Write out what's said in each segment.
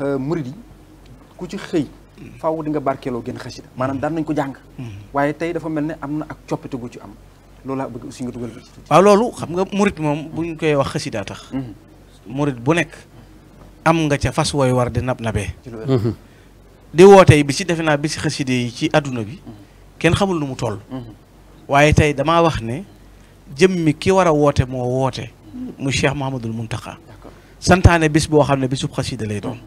ndax euh, murid yi ku ci xëy faaw di nga barkeeloo gën xasida maanaam daan nañ ko jàng mm-hmm. waaye tey dafa mel ne am na ak coppite gu ci am loolu laa bëgg aussi loolu xam nga murid moom ñu koy wax xasida tax mm-hmm. murid bu nekk am nga ca fas wooy war di nab nabee mm-hmm. di wootee bi si defe naa bi si xasida yi ci adduna bi kenn xamul nu mu toll waaye tey damaa wax ne mi ki war woote moo woote mu Cheikh Mahamadul Muntaqa santaane bis boo xam ne bisub xasida lay doon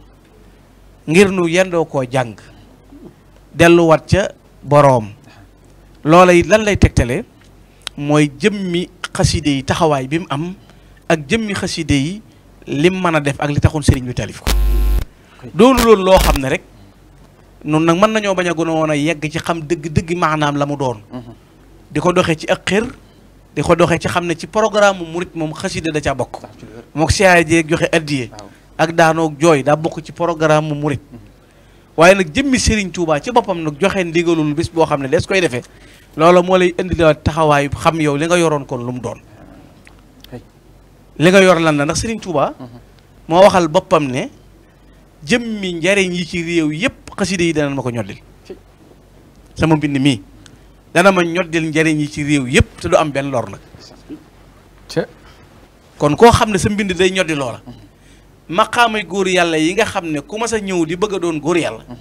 ngir nu yendoo koo jàng delluwaat ca boroom loola yi lan lay tegtale mooy jëmmi xaside yi taxawaay bi mu am ak jëmmi xaside yi lim mën a def ak li taxoon sëriñ bi taalif ko doonu lool loo xam ne rek noonu nag mën nañoo bañ a gën a yegg ci xam dëgg dëgg maanaam la mu doon di ko doxee ci ak xër di ko doxe ci xam ne ci programme murit moom xaside da caa bokk mook siyaare jeeg joxe addiyee ak daanoog jooy daa bokk ci programme mu murit waaye nag jëmmi sëriñ Touba ci boppam nag joxe ndigalul bis boo xam ne des koy defee loola moo lay indi la taxawaay xam yow li nga yoroon kon lu mu doon. li nga yor lan la ndax Serigne Touba. moo waxal boppam ne jëmmi njariñ yi ci réew yépp xasida yi danañ ma ko ñoddil sama mbind mii dana ma ñoddil njariñ yi ci réew yépp te du am benn lor nag. kon koo xam ne sa mbind day ñoddi loola. maqaamay góor yàlla yi nga xam ne ku mas a ñëw di bëgg a doon góor yàlla mhm.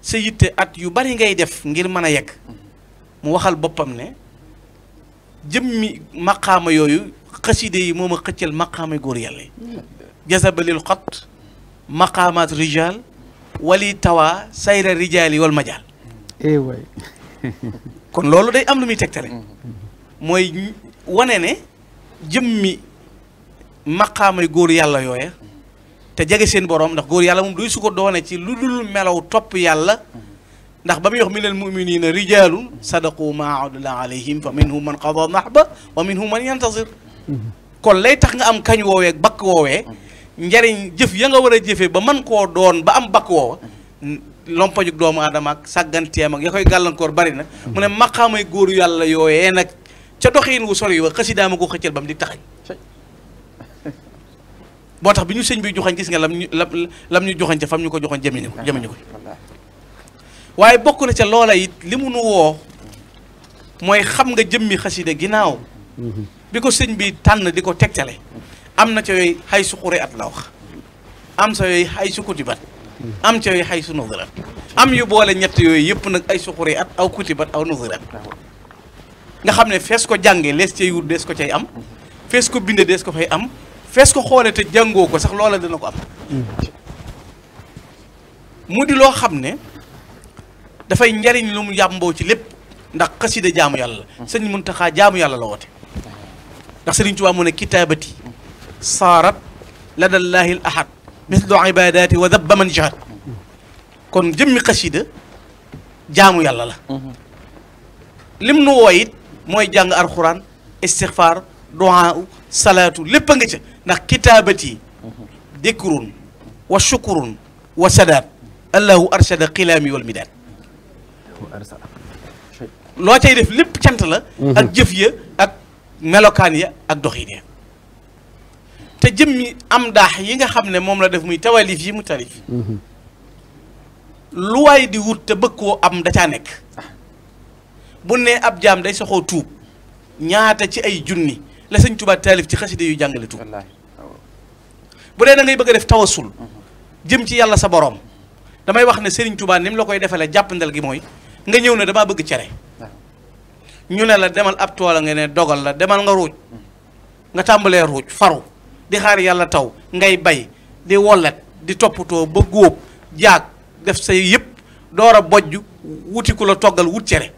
sa yitte at yu bari ngay def ngir mën a yegg mhm. mu waxal boppam ne jëmmi maqaama yooyu xaside yi moom a xëccal maqaamay góor yàlla yi mhm. jazabalil xot maqaamaat rijal wali tawa sayra rijaal yi wal majaal eh kon loolu day am lu muy tegtale mooy wane ne jëmmi maqaamay góor yàlla yooya te jege seen borom ndax góor yàlla moom du su ko doone ci lu dul melaw topp yàlla ndax ba muy wax minal muminina rijalun sadaqu ma ahadullah alayhim fa minhum man qada nahba wa minhum man yantazir kon lay tax nga am kañ woowee bakk woowee njariñ jëf ya nga war a jëfee ba man koo doon ba am bakk woowa lompañu doomu aadama ak sàgganteem ak ya koy gàllankoor bari na mu ne maqaamay góor yàlla yooyee nag ca doxiin wu sori wa xasidaama ko xëccal ba mu di taxañ boo tax bi ñu sëñ bi joxañ gis nga lam ñu lam ñu joxañ ca fam ñu ko joxañ jëmeñu ko jëmeñu ko waaye bokk na ca loola it li mu nu woo mooy xam nga jëmmi xasida ginnaaw bi ko sëñ bi tànn di ko tegtale am na ca yooyu xay su xure at la wax am sa yooyu xay su kutibat am ca yooyu xay su nuzirat am yu boole ñett yooyu yëpp nag ay su xure at aw kutibat aw nuzirat nga xam ne fees ko jàngee lees cay wut dees ko cay am fees ko binde dees ko fay am fees ko xoole te jàngoo ko sax loola dina ko am mu di loo xam ne dafay njariñ lu mu yàmboo ci lépp ndax xasida jaamu yàlla la mm. sëñ Muntaxa jaamu yàlla la woote ndax sëriñ Tuubaa mu ne kitaabati saarat ladallaahi l ahad mislu ibadaati wa dabba man jahad kon jëmmi xasida jaamu yàlla la mm-hmm. lim nu wooyit mooy jàng alxuraan istixfaar duwaa salaatu lépp a nga ca ndax kitaabat yi dikrun wa shukurun wa sadaat allahu arshada xilaami wal midaat loo cay def lépp cant la mhm. ak jëf ya ak melokaan ya ak doxin ya te yi am daax yi nga xam ne moom la def muy tawalif yi mu tarif mhm. lu waay di wut te bëgg am da caa nekk ah. bu ne ab jaam day soxoo tuub ñaata ci ay junni la sëñ Tuubaa taalif ci xaside yu jàngale tu bu dee da ngay bëgg a def tawasul jëm ci yàlla sa boroom damay wax ne Serigne Touba ni mu la koy defalee jàppandal gi mooy nga ñëw ne damaa bëgg cere ñu ne la demal ab toola nga ne dogal la demal nga ruuj mm. nga tàmbalee ruuj faru di xaar yàlla taw ngay bay di wollet di toppatoo ba góob jaag def say yëpp door a bojj wuti ku la toggal wut cere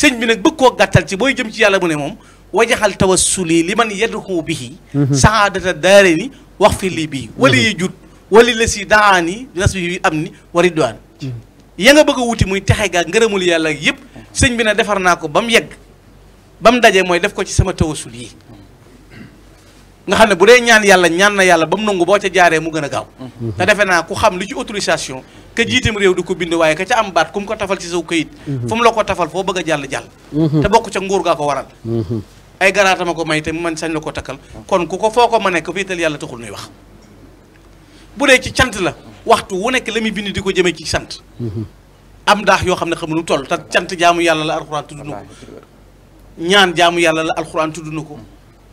sëñ bi nag bëgg koo gàttal ci booy jëm ci yàlla mu ne moom wajaxal tawassuli li man yadhu bihi mhm. saadata daareni wax fi lii bii mhm. wali yi jut wali la si daani nas bi am ni wa ridwaan mhm. ya nga bëgg a muy texe gaa ngërëmul yàlla yëpp sëñ bi na defar naa ko ba mu yegg ba mu daje mooy def ko ci sama tawasul yi nga xam ne bu dee ñaan yàlla ñaan na yàlla ba mu nangu boo ca jaaree mu gën a gaaw te defe naa ku xam li ci autorisation ka jiitam réew du ko bind waaye ka ca am baat ku mu ko tafal ci saw këyit fu mu la ko tafal foo bëgg a jàll jàll te bokk ca nguur gaa ko waral ay garaatama ko may te man sañ la ko takkal ah. kon ku ko foo ko ma nekk féetal yàlla taxul nuy wax bu dee ci cant la waxtu wu nekk la muy bind di ko jëmee ci sant mhm. am daax yoo xam ne xamuñu toll te cant jaamu yàlla la alxuraan tudd na ko ñaan jaamu yàlla la alxuraan tudd ko mm.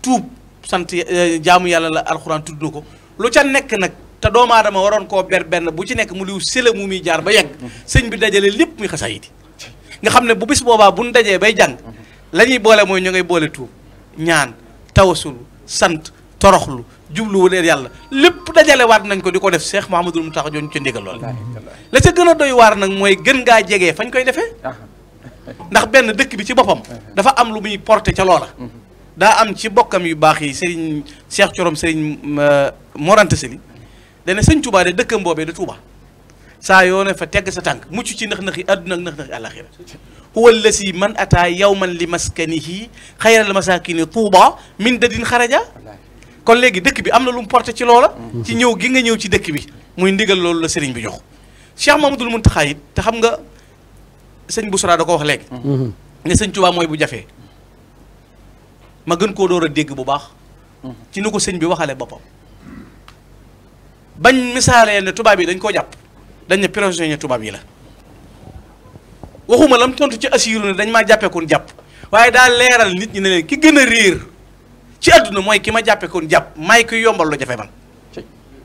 tuub sant eh, jaamu yàlla la alxuraan tudd ko lu ca nekk nag te doomu aadama waroon koo ber benn bu ci nekk mu liw sëla mu muy jaar ba yegg mm-hmm. sëñ bi dajale lépp muy xasaayidi nga xam ne bu bis boobaa bu ñu dajee bay jàng mm-hmm. la boole mooy ñu ngay boole tuub ñaan tawasulu sant toroxlu jublu wu leen yàlla lépp dajale waat nañ ko di ko def Cheikh Mouhamadul Mountakha jooju ca ndigal lool la ca gën a doy waar nag mooy gën ngaa jege fañ koy defee ah. ndax benn dëkk bi ci boppam ah. dafa am lu muy porté ca loola mm-hmm. daa am ci bokkam yu baax yi sëriñ Cheikh Corom sëriñ euh, Morante Seli dana sëñ Touba de dëkk boobee de Touba saa yoo ne fa tegg sa tànk mucc ci nax naxi àdduna ak nax naxi àlaxira huwa allasi man ataa yawman li maskanihi xayral masakini tuuba min dadin xaraja kon léegi dëkk bi am na lu mu porte ci loola ci ñëw gi nga ñëw ci dëkk bi muy ndigal loolu la sëriñ bi jox Cheikh Mamadul Muntaxa it te xam nga sëñ Boussra da ko wax léegi ne sëñ Tuubaa mooy bu jafee ma gën koo door a dégg bu baax ci ni ko sëñ bi waxale boppam bañ misaalee ne tubaab yi dañ koo jàpp dañ ne prisonnier tubaab yi la waxuma lam tontu ci asiru ne dañ maa jàppeekoon jàpp waaye daa leeral nit ñi ne leen ki gën a réer ci àdduna mooy ki ma jàppeekoon jàpp may yombal lu jafe man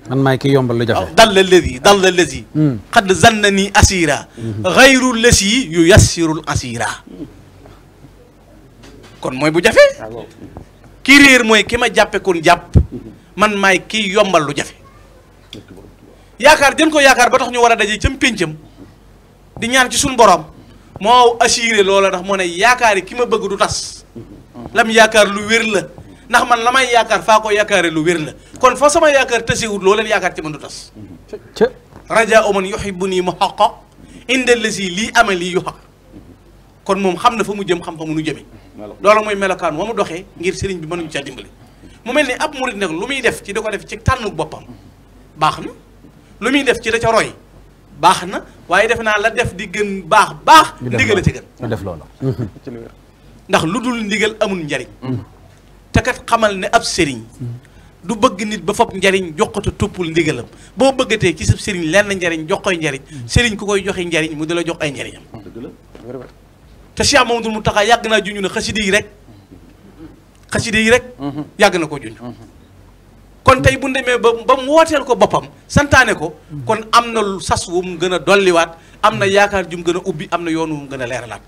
man maay ki yombal lu la lësi dal la lësi xad hmm. zanna nii asira xayru hmm. lësi yu yassirul asira kon mooy bu jafe ki mooy ki ma jàppekoon jàpp hmm. man maay yombal lu jafe yaakaar jën ko yaakaar ba tax ñu war a daje cam péncam di ñaan ci suñu borom moo assuré loola ndax moo ne yaakaar yi kii ma bëgg du tas lam yaakaar lu wér la ndax man la may yaakaar faa ko yaakaare lu wér la kon fa sama yaakaar tasewut loo leen yaakaar ci man du tas raja oman yuhibu nii mu xoqo indal la si lii amali yu xaq kon moom xam na fa mu jëm xam fa mu nu jëme loola mooy melokaan wa mu doxee ngir sëriñ bi mënuñu caa dimbale mu mel ni ab murit nag lu muy def ci da def ci tànnu boppam baax na lu muy def ci da ca roy baax na waaye def naa la def di gën baax baax ndigal a ci gën def loolu ndax lu dul ndigal amul njariñ te kat xamal ne ab sëriñ du bëgg nit ba fop njariñ jox ko te toppul ndigalam boo bëggatee ci sab sëriñ lenn njariñ jox koy njariñ sëriñ ku koy joxe njariñ mu di la jox ay njariñam te Cheikh mu Mountakha yàgg naa juñu ne xasida yi rek xasida rek yàgg na ko juñu kon tey bu demee ba ba mu wooteel ko boppam santaane ko kon am na sas wu mu gën a dolliwaat am na yaakaar ju mu gën a ubbi am na yoon mu gën a leeralaat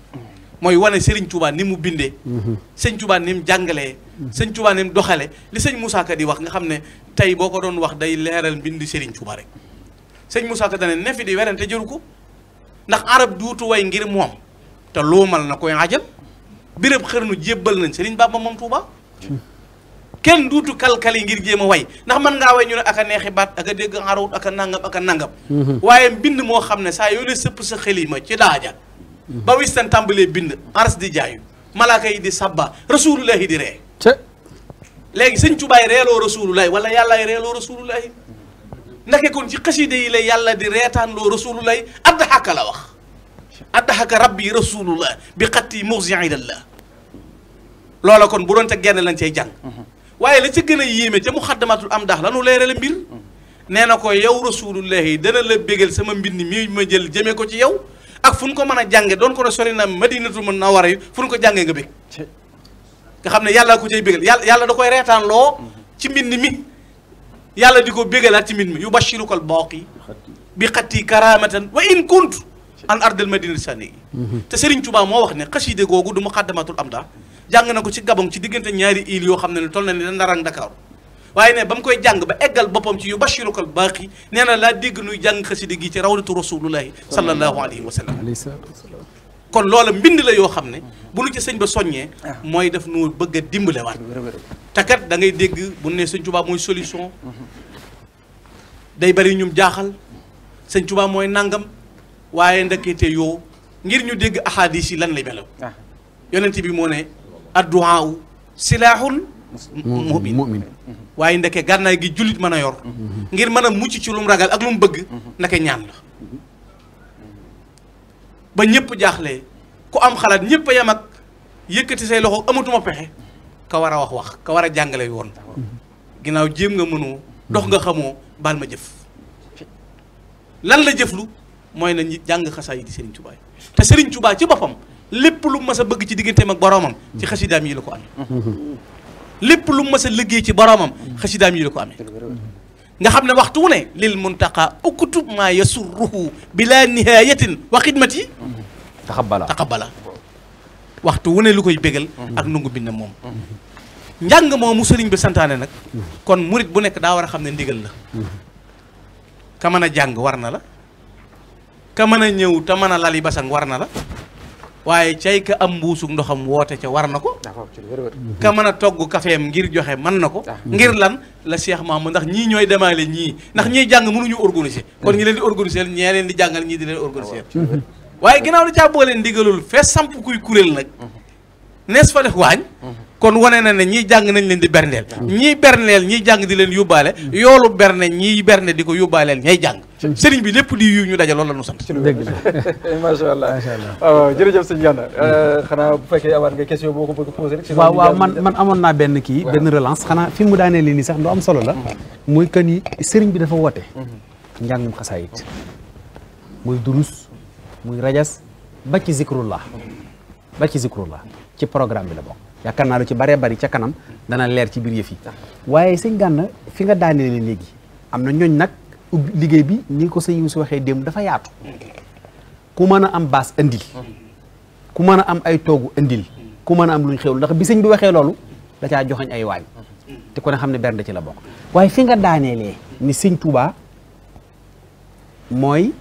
mooy wane Serigne Touba ni mu bindee Serigne Touba ni mu jàngalee Serigne Touba ni mu doxale li sëñ Moussa Ka di wax nga xam ne tey boo ko doon wax day leeral mbind Serigne Touba rek sëñ Moussa Ka dane ne fi di werante jëru ko ndax arab duutu way ngir moom te loomal na koy ajal béréb xër nu jébbal nañ Serigne Baba moom Touba kenn duutu kalkali ngir jéem a way ndax mën ngaa way ñu ne ak a neexi baat ak a dégg arawut ak a nangam ak a mhm. waaye mbind moo xam ne saa yoo sëpp sa xelima ci daaja mhm. ba wistan tàmbalee bind aras di jaayu malaaka yi di sabba rasulullahi di ree léegi sëñ tubaay reeloo rasulullahi wala yàllaay reeloo rasulullahi ndake kon ci xasida yi la yàlla di reetaan loo rasulullahi adda xàkka la wax adda xàkka rabbi rasulullah bi xatti muxsi ilalla loola kon bu doon te genn lañ cay jàng mhm. waaye la ca gën a yéeme ca mu xaddamatul am daax lanu leerale mbir nee na ko yow rasulullahi dana la bégal sama mbind mi ma jël jëmee ko ci yow ak fu ñu ko mën a jànge doon ko ne sori na madinatu mën na wara yu fu ñu ko jàngee nga bég nga xam ne yàlla ko cay bégal yàlla yàlla da koy reetaan loo ci mbind mi yàlla di ko bégalaat ci mbind mi yu bashiruka al baaqi bi xatti karamatan wa in kuntu an ardal madinati sani mhm. te Serigne Touba moo wax ne xaside googu du mu xaddamatul am daax jàng na ko ci Gabon ci diggante ñaari îles yoo xam ne ne toll na ni da Ndar ak Ndakaaru waaye ne ba mu koy jàng ba eggal boppam ci yu bashirukal baaqi nee na laa dégg nuy jàng xasida gi ci rawdatu rasulullahi sallallahu alayhi wa sallam kon loola mbind la yoo xam ne bu nu ci sëñ ba soññee mooy def nu bëgg a dimbale waat te da ngay dégg bu ne sëñ Tuubaa mooy solution day bari ñum jaaxal sëñ Tuubaa mooy nangam waaye ndekete yoo ngir ñu dégg ahadis yi lan lay melaw ah. yonent bi moo ne adduwaaw silaaxul mu'min mu'min waaye ndeke gànnaay gi jullit mën a yor mm-hmm. ngir mën a mucc ci lu ragal ak lu bëgg mm-hmm. ndeke ñaan la mm-hmm. ba ñëpp jaaxle ku am xalaat ñëpp a yem ak yëkkati say loxo amatuma pexe ka war a wax wax ka war a jàngale woon ginnaaw jéem nga mënoo dox nga xamoo baal ma jëf lan la jëflu mooy na jàng xasaa yi di Serigne Touba te Serigne Touba ci boppam lépp lu mas a bëgg ci digganteem ak boroomam ci xasidaam yi la ko amee lépp lu mas a liggéey ci boroomam xasidaam yi la ko amee nga xam ne waxtu wu ne lil muntaqa uktub maa yasurruhu bila nihayatin wa xidmati taxabala waxtu wu ne lu koy bégal ak nungu bind moom njàng moomu sëriñ bi santaane nag kon murit bu nekk daa war a xam ne ndigal la ka mën a jàng war na la ka mën a ñëw te mën a lali basang war na la waaye cay ka am mbuusug ndoxam woote ca war na ko ka mën a togg kafeem ngir joxe mën na ko ngir lan la Cheikh Mamadou ndax ñii ñooy demaale ñii ndax ñiy jàng mënuñu organiser mm-hmm. kon ñi leen di organiser ñee leen di jàngal ñii di leen organiser waaye ginnaaw da caa boole ndigalul fee samp kuy kuréel nag mm-hmm. nees fa def waañ mm-hmm. kon wane na ne ñii jàng nañ leen di berndeel ñii berndeel ñii jàng di leen yóbbaale yoolu berne ñii berne di ko yóbbaaleel ñay jàng sëriñ bi lépp di yu ñu daje loolu la ñu sant macha allah macha allah waaw jërëjëf mm. euh, xanaa bu fekkee amaat question boo ko bëgg posé rek waaw man man amoon naa benn kii benn relance xanaa fi mu daanee lii nii sax lu am solo la mm-hmm. muy que ni sëriñ bi dafa woote mm-hmm. njàngum xasaayit muy durus muy rajas ba ci zikrullah mm-hmm. ba ci zikrullah ci programme bi la bokk yaakaar naa lu ci baree bari ca kanam dana leer ci biir yëf yi waaye sëñ Gana fi nga daaneele léegi am na ñooñ nag liggéey bi ni ko sëñ si waxee démb dafa yaatu ku mën a am baas andil ku mën a am ay toogu andil ku mën a am luñ xewlu ndax bi sëñ bi waxee loolu da caa joxañ ay waañ te ku ne xam ne bernde ci la bokk waaye fi nga daaneelee ni sëñ Touba mooy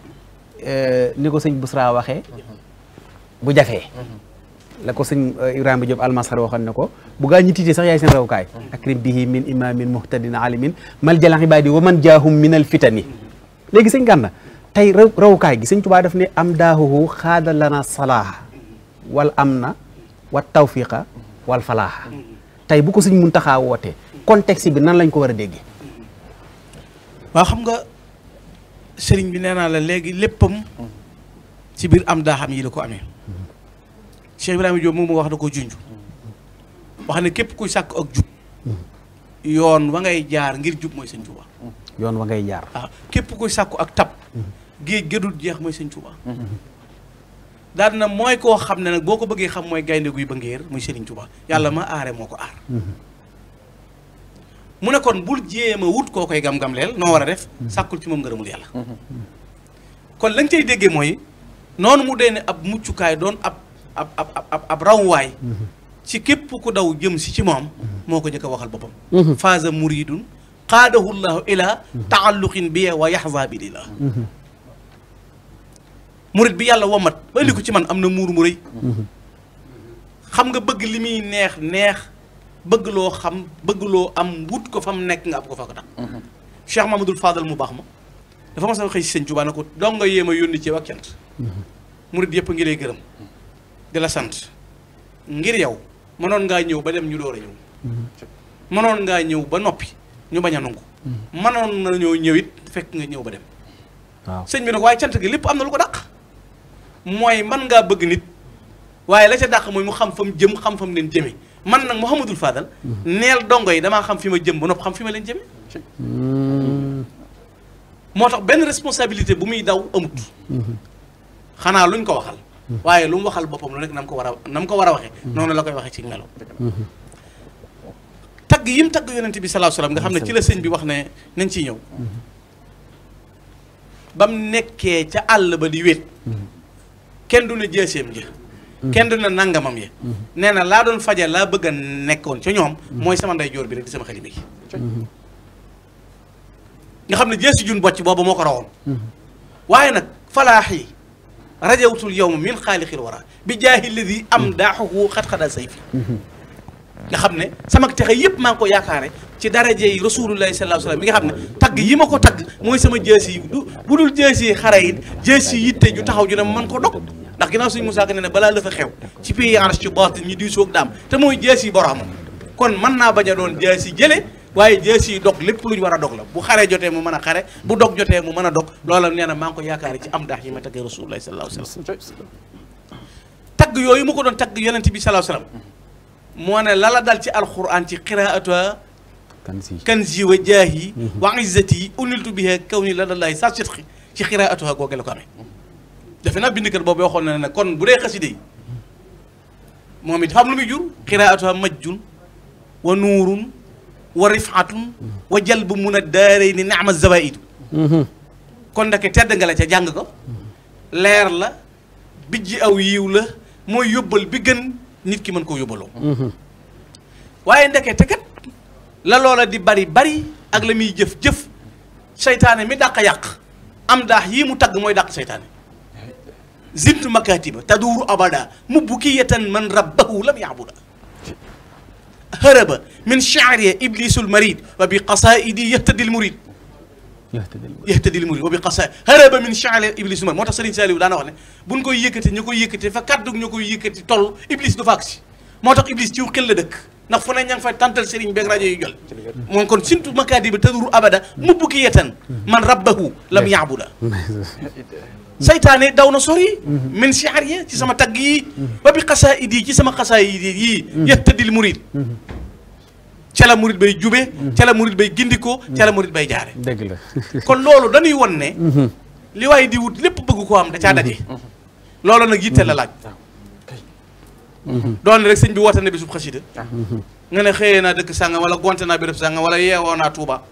eh, ni ko sëñ Busra waxee bu jafe la ko sëñ eh, Ibrahima Diop almasar waxoon ne ko bu gaa ñi tiitee sax yaay seen rawkaay akrim bihi min imamin muhtadin alimin mal jalan ibadi wa man jaahum min al fitani léegi sëñ Gana tey rawkaay gi sëñ Tuubaa daf ne am daahuhu xaada lana salaaha wal amna wa tawfiqa tey bu ko sëñ Muntaxa wootee contexte bi nan lañ ko war a déggee xam nga sëriñ bi nee naa la léegi léppam ci biir am daa xam yi la ko amee Cheikh Ibrahima Diop moom moo wax da ko junj wax ne képp kuy sàkk ak jub yoon wa ngay jaar ngir jub mooy sëñ Touba. yoon wa ngay jaar. waaw ah, képp kuy sàkku ak tab. géej gëdul jeex mooy sëñ Touba. na mooy koo xam ne nag boo ko bëggee xam mooy gaynde guy ba ngéer muy Serigne Touba yàlla ma aare moo ko aar. mu ne kon bul jéem wut koo koy gam-gam leel noo war a def. sàkkul ci moom ngërëmul yàlla. Mm-hmm. kon lañ cay déggee mooy noonu mu dee ne ab muccukaay doon ab ab ab ab ab rawwaay ci képp ku daw jëm si ci moom moo ko njëkk waxal boppam faaza muridun qaadahu llahu ila taalluqin bi wa yaxza bi lillah bi yàlla womat ba indi ko ci man am na muur mu rëy xam nga bëgg li muy neex neex bëgg loo xam bëgg loo am wut ko fa mu nekk nga am ko fa ko tax Cheikh Mamadou Fadal mu baax ma dafa ma xëy si sëñ Tuubaa ko dong nga yéem a yónni ci ak cant murid yëpp ngi lay gërëm di la sant ngir yow mënoon ngaa ñëw ba dem ñu door a ñëw mënoon ngaa ñëw ba noppi ñu bañ a nangu mënoon na ñoo ñëw it fekk nga ñëw ba dem waaw sëñ bi nag waaye cant gi lépp am na lu ko dàq mooy man ngaa bëgg nit waaye la ca dàq mooy mu xam fa mu jëm xam fa mu leen jëme man nag Mouhamadul Fadal neel dongo yi damaa xam fi ma jëm ba nopp xam fi ma leen jëme hmm. moo tax benn responsabilité bu muy daw amut hmm. xanaa luñ ko waxal waaye lu mu waxal boppam lu nekk na mu ko war a na ko war a waxee mm-hmm. noonu la koy waxee ci melo tagg yim tagg yonent bi salaahu salaam nga xam ne ci la bi wax ne nañ ciy ñëw mm-hmm. ba mu nekkee ca àll ba di mm-hmm. du ne jeeseem ja kenn du na nee na laa doon faja laa bëgg a nekkoon ca ñoom mooy sama bi rek di xam ne jeesi jun bocc boobu moo ko rawoon waaye nag falaax yi rajawtul yawma min xaalixil wara bi jaahi ladi am daaxuhu xat-xadaa sayfi nga xam ne sama texe yëpp maa ngi ko yaakaare ci daraje yi rasulullahi sallallahu alayhi wa sallam bi nga xam ne tagg yi ma ko tagg mooy sama jeesi yi bu dul jeesi yi xare yi jeesi yi yitte ju taxaw ju ne man ko dog ndax ginnaaw suñu Musaa Ka ne balaa la fa xew ci pays ci baatin ñi diisoo ak daam te mooy jeesi yi boroomam kon mën naa bañ a doon jeesi jële waaye jees yi dog lépp lu ñu war a dog la bu xare jotee mu mën a xare bu dog jotee mu mën a dog loola nee na maa ngi ko yaakaar ci am daax yi ma taggee tagg yooyu mu ko doon tagg yonent bi sallallahu alayhi wasallam moo ne lala dal ci alquran ci qiraatuha kanzi wa jaahi mhm. wa izzati uniltu biha kawni ladallahi sa sidqi ci qiraatuha googe la ko amee defe naa kër boobu waxoon na ne kon bu dee xaside yi moom it xam lu muy jur qiraatuha majjun wa nuurun wa rifatun wa jalbu mun a daarey ni naama zawaidu mhm. kon ndeke tedd nga la ca jàng ko leer la ji aw yiw la mooy yóbbal bi gën nit ki mën koo yóbbaloo mhm. waaye ndeke te la loola di bari bari ak la muy jëf-jëf seytaane mi dàq yàq am daax yii mu tagg mooy dàq seytaane zintu makaatiba taduuru abada mu mubbukiyatan man rabbahu lam yaabuda هرب من شعري إبليس المريد وبقصائدي يهتدي المريد يهتدي المريد يهتدي المريد وبقصائد هرب من شعري إبليس المريد moo tax Serigne Saliou daana wax ne buñ koy yëkkati ñu koy yëkkati fa kaddu ñu koy yëkkati toll Iblis du fa agsi moo tax Iblis ciw xel la dëkk ndax fu ne ña ngi fay tantal sëriñ beeg rajoy yu jol moom kon sintu makaadi bi taduru abada mu bukki yetan man rabbahu lam yaabuda saytaane daw na sori min siar ci sama tagg yi ba bi xasaa idi ci sama xasaa idi yii mm-hmm. li murid mm-hmm. ca la murid bay jube mm-hmm. ca la murid bay gindikoo ca la murid bay jaare kon loolu dañuy won ne li di wut lépp bëgg koo am da caa daje loolu nag yitte la laaj ah. doon rek sëñ bi woote na bisub xasida mhm. nga ne xëyee naa dëkk sàngam wala gonte naa béréb sàngam wala yeewoo naa Touba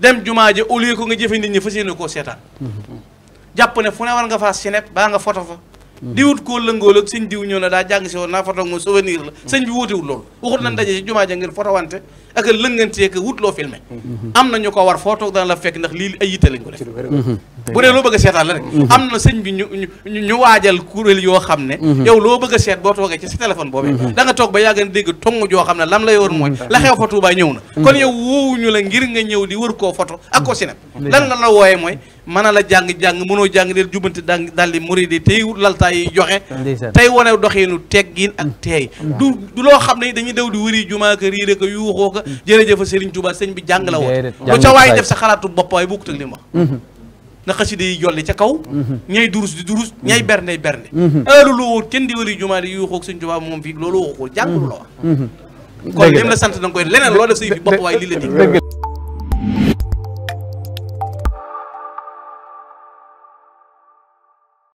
dem jumaa ji au lieu ko nga jëfe nit ñi fa yéene koo seetaan mhm. jàpp ne fu ne war nga faa sinep baa nga foto fa di wut koo lëngool ak sëñ diw ñëw na daa jàng si woon naa foto moom souvenir la sëñ bi wóotewut loolu waxut nañ daje si jumaa ja ngeen wut loo filmé mhm. am na ñu ko war foo toog dana la fekk ndax lii ay yitte lañ ko def mhm. bu dee loo bëgg seetaan la rek mhm. am na sëñ bi ñu ñu waajal kuréel yoo xam ne yow loo bëgg a seet boo toogee ci sa téléphone boobu da nga toog ba yàgg na dégg tong joo xam ne lam la yoon mooy la xew fa Tuubaa ñëw na kon yow woowuñu la nga ñëw di wër koo foto ak ko sineb lan la la wooye mooy mën a la jàng-jàng mënoo jàng deel jubanti da daal di murid yi tey laltaay yi joxe tey wane doxeenu teggin ak teey mm. du du loo xam ne dañuy daw di wëri jumaa ka riir ka yuuxoo ka mm. jërëjëfa Serigne Touba sëñ bi jàng la woon lu ca waaye def sa xalaatu bopp waaye bokkut ak li mu wax mm-hmm. na xasida yi jolli ca kaw mm-hmm. ñay durus di durus mm-hmm. ñay bernde bernde heure lu wóor kenn di wëri jumaa di yuuxoo ak Serigne moom fii loolu waxul jàng lu la wax kon lim la sant danga koy leneen loo def say bopp waaye lii la